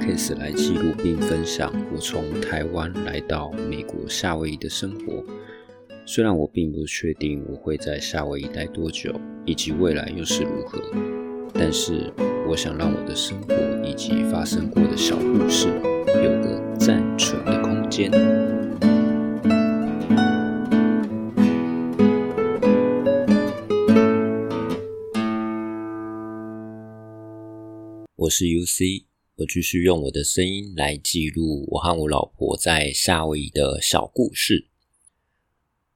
case 來記錄並分享我從台灣來到美國夏威夷的生活。雖然我並不確定我會在夏威夷待多久，以及未來又是如何，但是我想讓我的生活以及發生過的小故事有個暫存的空間。我是 UC。我繼續用我的聲音來記錄我和我老婆在夏威夷的小故事。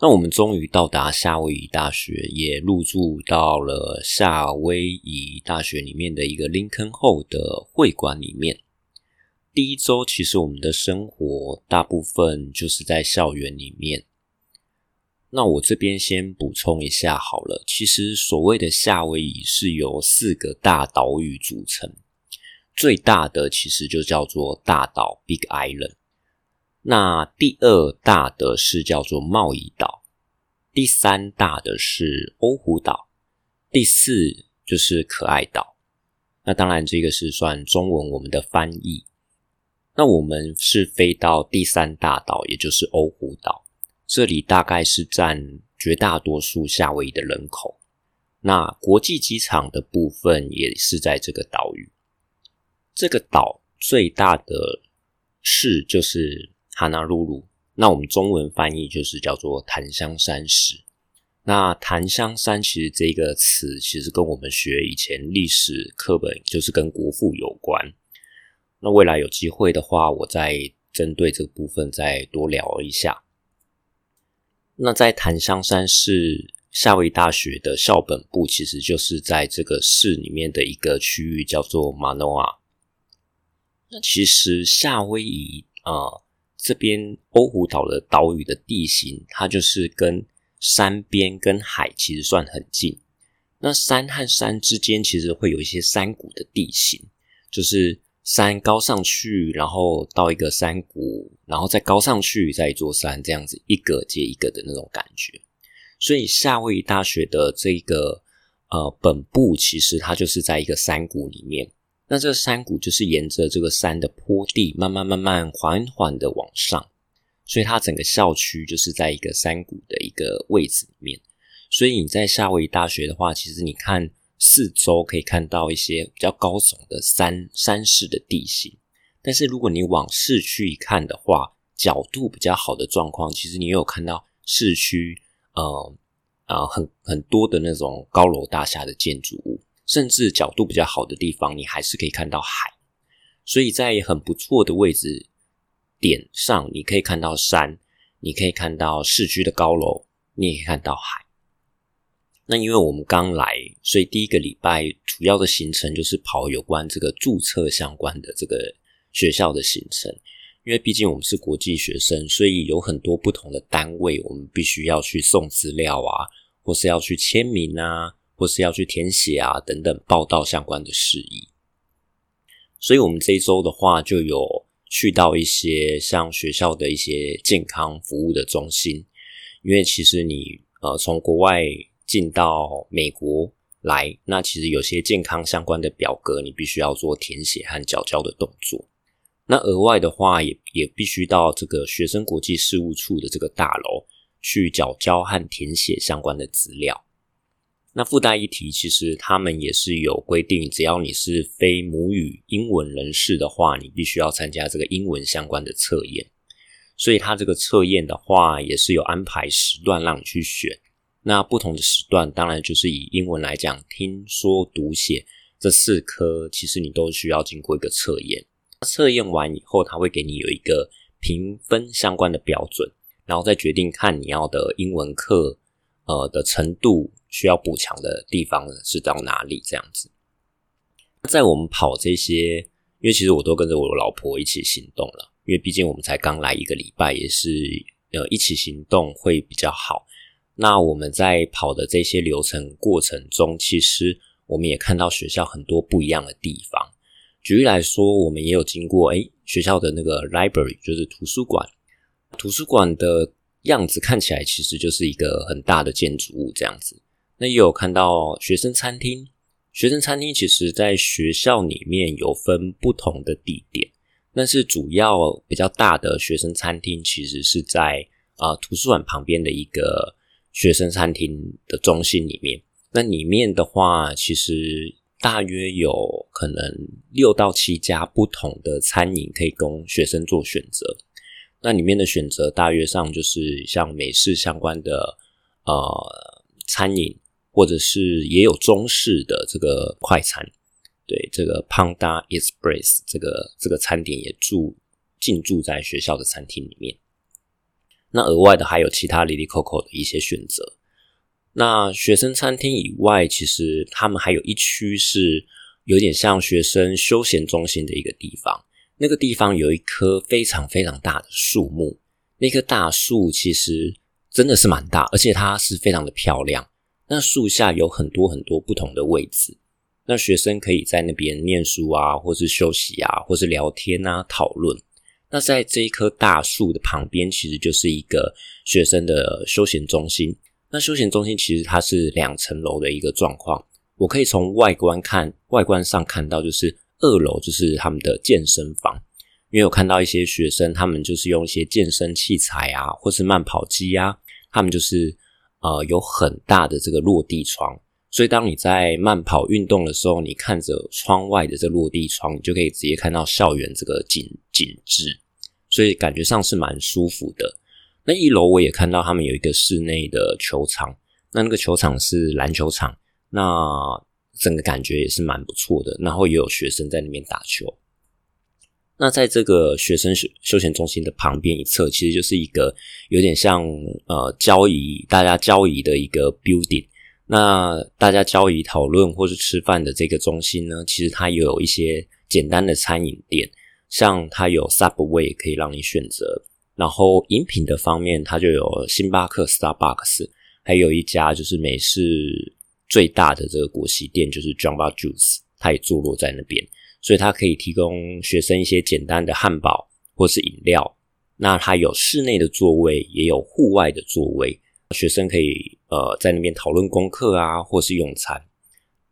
那我們終於到達夏威夷大學，也入住到了夏威夷大學裡面的一個林肯後的會館裡面。第一週，其實我們的生活大部分就是在校園裡面。那我這邊先補充一下好了，其實所謂的夏威夷是由四個大島嶼組成。最大的其實就叫做大島 （Big Island），那第二大的是叫做茂宜島，第三大的是歐胡島，第四就是可愛島。那當然，這個是算中文我們的翻譯。那我們是飛到第三大島，也就是歐胡島，這裡大概是佔絕大多數夏威夷的人口。那國際機場的部分也是在這個島嶼。這個島最大的市就是哈納魯魯，那我們中文翻譯就是叫做檀香山市。那檀香山其實這個詞，其實跟我們學以前歷史課本就是跟國父有關。那未來有機會的話，我再針對這個部分再多聊一下。那在檀香山市，夏威夷大學的校本部其實就是在這個市裡面的一個區域，叫做 Manoa。那其實夏威夷啊、呃，這邊歐胡島的島嶼的地形，它就是跟山邊跟海其實算很近。那山和山之間其實會有一些山谷的地形，就是山高上去，然後到一個山谷，然後再高上去，再一座山，這樣子一個接一個的那種感覺。所以夏威夷大學的這個呃本部，其實它就是在一個山谷裡面。那這個山谷就是沿着這個山的坡地，慢慢慢慢緩緩的往上，所以它整個校區就是在一個山谷的一個位置裡面。所以你在夏威夷大學的話，其實你看四周可以看到一些比較高聳的山山勢的地形，但是如果你往市區一看的話，角度比較好的狀況，其實你也有看到市區呃啊、呃、很很多的那種高樓大廈的建築物。甚至角度比較好的地方，你還是可以看到海。所以在很不錯的位置點上，你可以看到山，你可以看到市區的高樓，你也可以看到海。那因為我們剛來，所以第一個禮拜主要的行程就是跑有關這個註冊相關的這個學校的行程。因為畢竟我們是國際學生，所以有很多不同的單位，我們必須要去送資料啊，或是要去簽名啊。或是要去填寫啊等等報到相關的事宜，所以我們這一週的話就有去到一些像學校的一些健康服務的中心，因為其實你呃從國外進到美國來，那其實有些健康相關的表格你必須要做填寫和繳交的動作，那額外的話也也必須到這個學生國際事務處的這個大樓去繳交和填寫相關的資料。那附帶一提，其實他們也是有規定，只要你是非母語英文人士的話，你必須要參加這個英文相關的測驗。所以，他這個測驗的話，也是有安排時段讓你去選。那不同的時段，當然就是以英文來講，聽說讀寫這四科，其實你都需要經過一個測驗。測驗完以後，他會給你有一個評分相關的標準，然後再決定看你要的英文課。呃，的程度需要補強的地方呢是到哪裡？這樣子，在我們跑這些，因為其實我都跟着我老婆一起行動了，因為畢竟我們才剛來一個禮拜，也是呃一起行動會比較好。那我們在跑的這些流程過程中，其實我們也看到學校很多不一樣的地方。舉例來說，我們也有經過誒、欸、學校的那個 library，就是圖書館，圖書館的。樣子看起來其實就是一個很大的建築物這樣子。那也有看到學生餐廳，學生餐廳其實，在學校裡面有分不同的地點，但是主要比較大的學生餐廳其實是在啊、呃、圖書館旁邊的一個學生餐廳的中心裡面。那裡面的話，其實大約有可能六到七家不同的餐飲可以供學生做選擇。那裡面的選擇大約上就是像美式相關的呃餐飲，或者是也有中式的這個快餐。對，這個 Panda Express 這個這個餐點也住進駐在學校的餐廳裡面。那額外的還有其他 Lily Coco 的一些選擇。那學生餐廳以外，其實他們還有一區是有點像學生休閒中心的一個地方。那個地方有一棵非常非常大的樹木，那棵大樹其實真的是蠻大，而且它是非常的漂亮。那樹下有很多很多不同的位置，那學生可以在那邊念書啊，或是休息啊，或是聊天啊，討論。那在這一棵大樹的旁邊，其實就是一個學生的休閒中心。那休閒中心其實它是兩層樓的一個狀況，我可以從外觀看，外觀上看到，就是。二樓就是他們的健身房，因為我看到一些學生，他們就是用一些健身器材啊，或是慢跑機啊，他們就是呃有很大的這個落地窗，所以當你在慢跑運動的時候，你看着窗外的這落地窗，你就可以直接看到校園這個景景致，所以感覺上是蠻舒服的。那一樓我也看到他們有一個室內的球場，那那個球場是籃球場，那。整個感覺也是蠻不錯的，然後也有學生在那邊打球。那在這個學生休休閒中心的旁邊一側，其實就是一個有點像呃交誼，大家交誼的一個 building。那大家交誼、討論或是吃飯的這個中心呢，其實它也有一些簡單的餐飲店，像它有 Subway 也可以讓你選擇，然後飲品的方面，它就有星巴克 Starbucks，還有一家就是美式。最大的這個果昔店就是 Jamba Juice，它也坐落在那邊，所以它可以提供學生一些簡單的漢堡或是飲料。那它有室內的座位，也有戶外的座位，學生可以呃在那邊討論功課啊，或是用餐。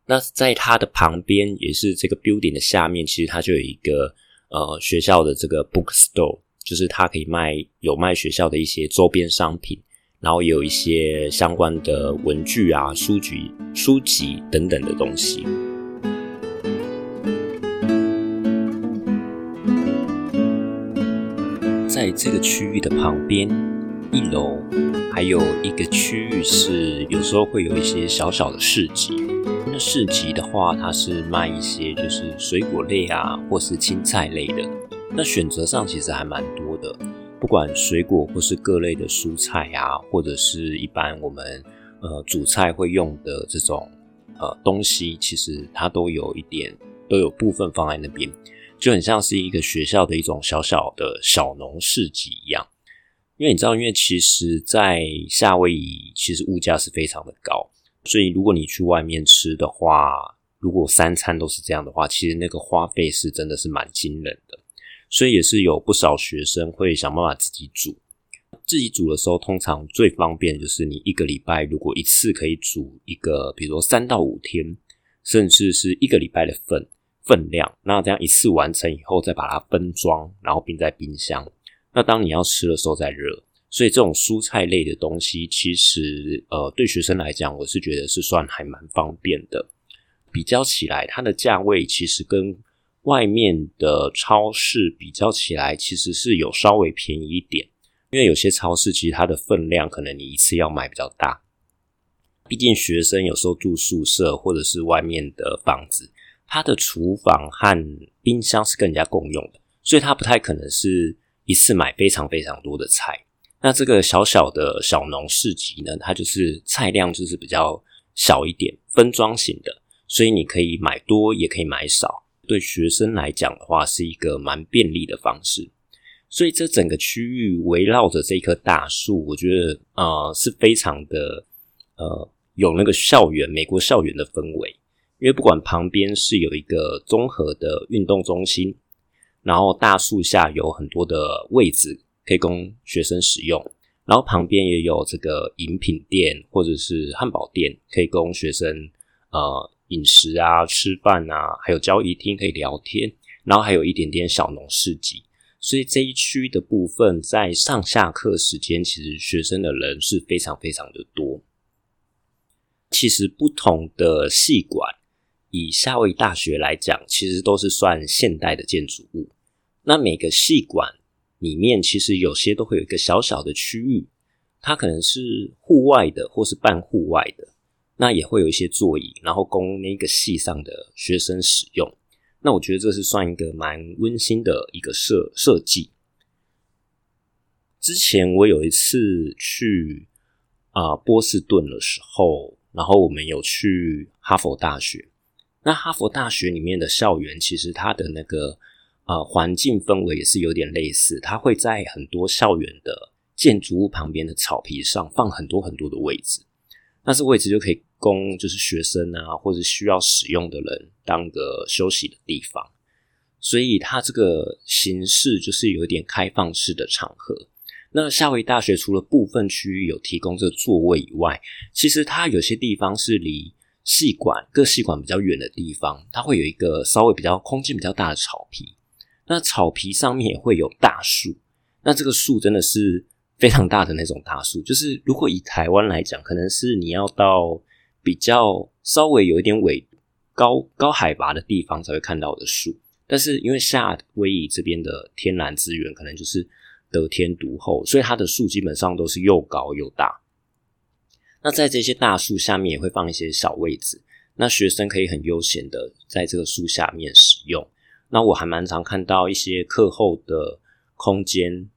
那在它的旁邊，也是這個 building 的下面，其實它就有一個呃學校的這個 bookstore，就是它可以賣，有賣學校的一些周邊商品。然後有一些相關的文具啊、書籍、書籍等等的東西。在這個區域的旁邊，一樓還有一個區域是有時候會有一些小小的市集。那市集的話，它是賣一些就是水果類啊，或是青菜類的。那選擇上其實還蠻多的。不管水果或是各類的蔬菜啊，或者是一般我們呃煮菜會用的這種呃東西，其實它都有一點，都有部分放在那邊，就很像是一個學校的一種小小的小農市集一樣。因為你知道，因為其實在夏威夷，其實物價是非常的高，所以如果你去外面吃的話，如果三餐都是這樣的話，其實那個花費是真的是蠻驚人。所以也是有不少學生會想辦法自己煮。自己煮的時候，通常最方便就是你一個禮拜，如果一次可以煮一個，比如說三到五天，甚至是一個禮拜的份份量。那這樣一次完成以後，再把它分裝，然後冰在冰箱。那當你要吃的時候再熱。所以這種蔬菜類的東西，其實呃，對學生來講，我是覺得是算還蠻方便的。比較起來，它的價位其實跟外面的超市比較起來，其實是有稍微便宜一點，因為有些超市其實它的分量可能你一次要買比較大。畢竟學生有時候住宿舍或者是外面的房子，它的廚房和冰箱是更加共用的，所以它不太可能是一次買非常非常多的菜。那這個小小的小農市集呢，它就是菜量就是比較小一點，分裝型的，所以你可以買多也可以買少。對學生來講的話，是一個蠻便利的方式。所以這整個區域圍繞着這棵大樹，我覺得呃是非常的呃有那個校園，美國校園的氛圍。因為不管旁邊是有一個綜合的運動中心，然後大樹下有很多的位置可以供學生使用，然後旁邊也有這個飲品店或者是漢堡店，可以供學生呃。飲食啊，吃飯啊，還有交誼廳可以聊天，然後還有一點點小農市集，所以這一區的部分在上下課時間，其實學生的人是非常非常的多。其實不同的系館，以夏威夷大學來講，其實都是算現代的建築物。那每個系館裡面，其實有些都會有一個小小的區域，它可能是戶外的，或是半戶外的。那也會有一些座椅，然後供那個系上的學生使用。那我覺得這是算一個蠻溫馨的一個設設計。之前我有一次去啊、呃、波士頓的時候，然後我們有去哈佛大學。那哈佛大學裡面的校園，其實它的那個啊、呃、環境氛圍也是有點類似。它會在很多校園的建築物旁邊的草皮上放很多很多的位置，那這位置就可以。供就是學生啊，或者需要使用的人當個休息的地方，所以它這個形式就是有點開放式的場合。那夏威夷大學除了部分區域有提供這個座位以外，其實它有些地方是離系館，各系館比較遠的地方，它會有一個稍微比較空間比較大的草皮。那草皮上面也會有大樹，那這個樹真的是非常大的那種大樹，就是如果以台灣來講，可能是你要到。比較稍微有一點緯度，高高海拔的地方才會看到的樹，但是因為夏威夷這邊的天然資源可能就是得天獨厚，所以它的樹基本上都是又高又大。那在這些大樹下面也會放一些小位置，那學生可以很悠閒的在這個樹下面使用。那我還蠻常看到一些課後的空間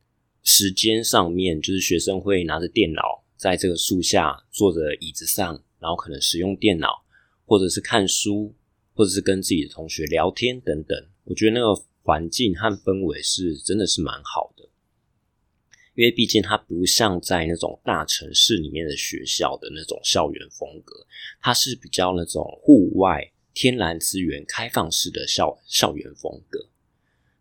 時間上面，就是學生會拿着電腦在這個樹下坐着椅子上，然後可能使用電腦，或者是看書，或者是跟自己的同學聊天等等。我覺得那個環境和氛圍是真的是蠻好的，因為畢竟它不像在那種大城市裡面的學校的那種校園風格，它是比較那種戶外、天然資源、開放式的校校園風格。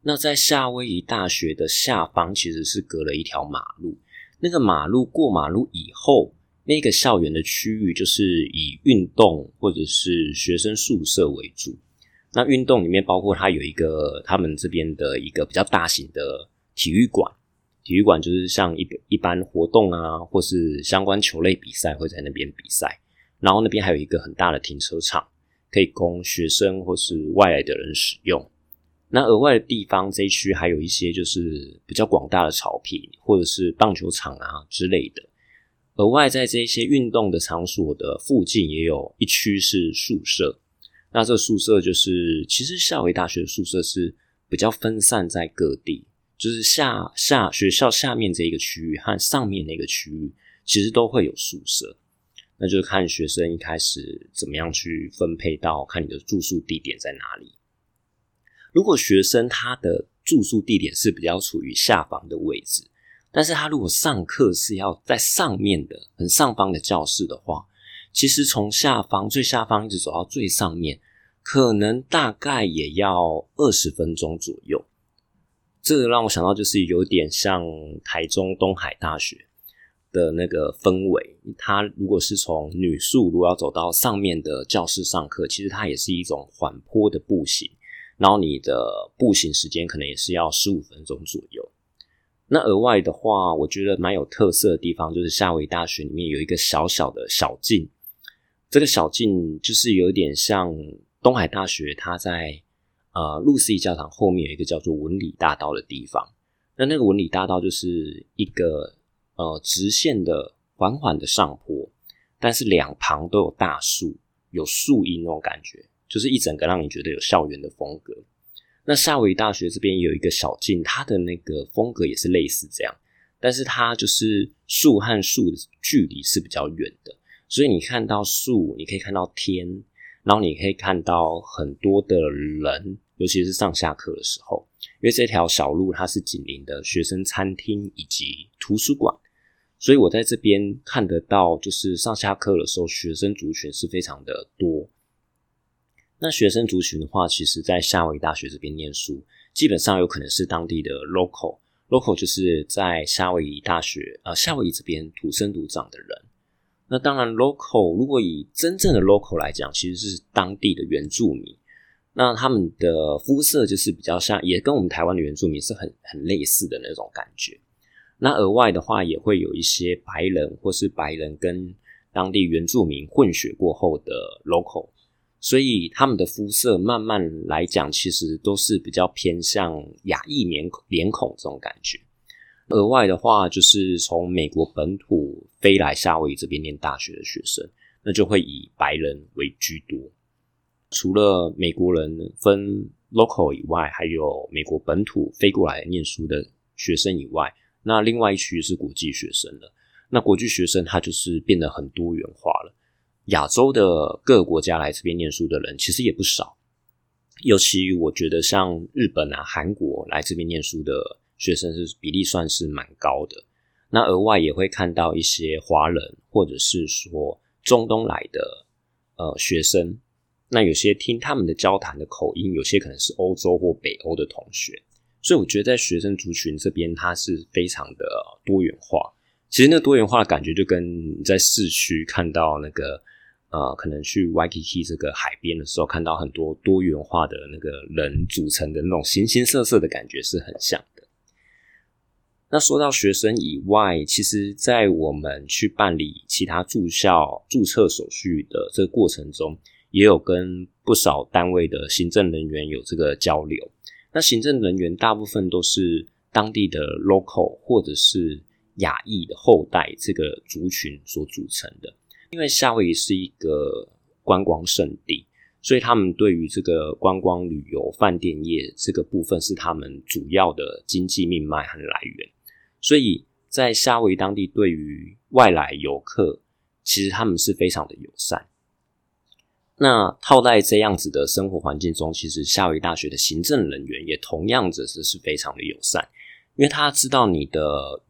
那在夏威夷大學的下方其實是隔了一條馬路，那個馬路過馬路以後。那個校園的區域就是以運動或者是學生宿舍為主。那運動裡面包括它有一個他們這邊的一個比較大型的體育館，體育館就是像一一般活動啊，或是相關球類比賽會在那邊比賽。然後那邊還有一個很大的停車場，可以供學生或是外來的人使用。那額外的地方這一區還有一些就是比較廣大的草皮，或者是棒球場啊之類的。額外在這些運動的場所的附近也有一區是宿舍，那這宿舍就是其實夏威夷大學的宿舍是比較分散在各地，就是下下學校下面這一個區域和上面那個區域其實都會有宿舍，那就是看學生一開始怎麼樣去分配到，看你的住宿地點在哪裡。如果學生他的住宿地點是比較處於下方的位置，但是他如果上課是要在上面的很上方的教室的話，其實從下方最下方一直走到最上面，可能大概也要二十分鐘左右。這個讓我想到就是有點像台中東海大學的那個氛圍。它如果是從女宿，如果要走到上面的教室上課，其實它也是一種緩坡的步行，然後你的步行時間可能也是要十五分鐘左右。那額外的話，我覺得蠻有特色的地方，就是夏威夷大學裡面有一個小小的小徑，這個小徑就是有點像東海大學，它在呃路思義教堂後面有一個叫做文理大道的地方。那那個文理大道就是一個呃直線的緩緩的上坡，但是兩旁都有大樹，有樹蔭那種感覺，就是一整個讓你覺得有校園的風格。那夏威夷大學這邊有一個小徑，它的那個風格也是類似這樣，但是它就是樹和樹的距離是比較遠的，所以你看到樹，你可以看到天，然後你可以看到很多的人，尤其是上下課的時候，因為這條小路它是緊鄰的學生餐廳以及圖書館，所以我在這邊看得到，就是上下課的時候學生族群是非常的多。那學生族群的話，其實，在夏威夷大學這邊念書，基本上有可能是當地的 local，local 就是在夏威夷大學啊、呃，夏威夷這邊土生土長的人。那當然，local 如果以真正的 local 來講，其實是當地的原住民。那他們的膚色就是比較像，也跟我們台灣的原住民是很很類似的那種感覺。那額外的話，也會有一些白人或是白人跟當地原住民混血過後的 local。所以他們的膚色慢慢來講，其實都是比較偏向亞裔臉孔臉孔這種感覺。額外的話，就是從美國本土飛來夏威夷這邊念大學的學生，那就會以白人為居多。除了美國人分 local 以外，還有美國本土飛過來念書的學生以外，那另外一群是國際學生了。那國際學生他就是變得很多元化了。亞洲的各個國家來這邊念書的人其實也不少，尤其我覺得像日本啊、韓國來這邊念書的學生是比例算是蠻高的。那額外也會看到一些華人，或者是說中東來的呃學生。那有些聽他們的交談的口音，有些可能是歐洲或北歐的同學。所以我覺得在學生族群這邊，他是非常的多元化。其實那多元化的感覺，就跟你在市區看到那個，呃，可能去 Waikiki 這個海邊的時候，看到很多多元化的那個人組成的那種形形色色的感覺是很像的。那說到學生以外，其實，在我們去辦理其他住校註冊手續的這個過程中，也有跟不少單位的行政人員有這個交流。那行政人員大部分都是當地的 local，或者是。亞裔的後代這個族群所組成的，因為夏威夷是一個觀光聖地，所以他們對於這個觀光旅遊飯店業這個部分是他們主要的經濟命脈和來源。所以在夏威夷當地對於外來遊客，其實他們是非常的友善。那套在這樣子的生活環境中，其實夏威夷大學的行政人員也同樣的，是非常的友善。因為他知道你的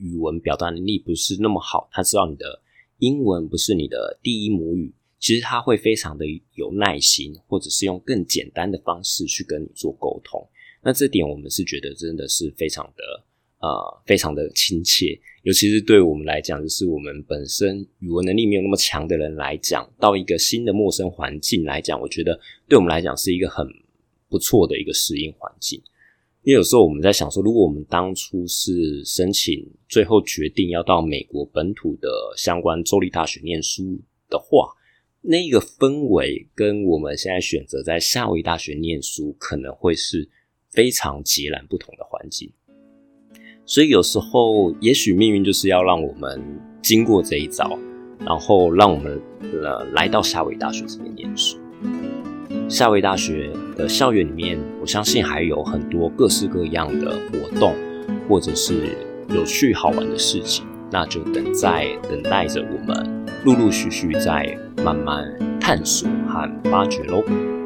語文表達能力不是那麼好，他知道你的英文不是你的第一母語，其實他會非常的有耐心，或者是用更簡單的方式去跟你做溝通。那這點我們是覺得真的是非常的呃，非常的親切，尤其是對我們來講，就是我們本身語文能力沒有那麼強的人來講，到一個新的陌生環境來講，我覺得對我們來講是一個很不錯的一個適應環境。因為有時候我們在想說，如果我們當初是申請，最後決定要到美國本土的相關州立大學念書的話，那個氛圍跟我們現在選擇在夏威夷大學念書，可能會是非常截然不同的環境。所以有時候，也許命運就是要讓我們經過這一遭，然後讓我們呃來到夏威夷大學這邊念書。夏威夷大學的校園裡面，我相信還有很多各式各樣的活動，或者是有趣好玩的事情，那就等在等待着我們，陸陸續續再慢慢探索和發掘嘍。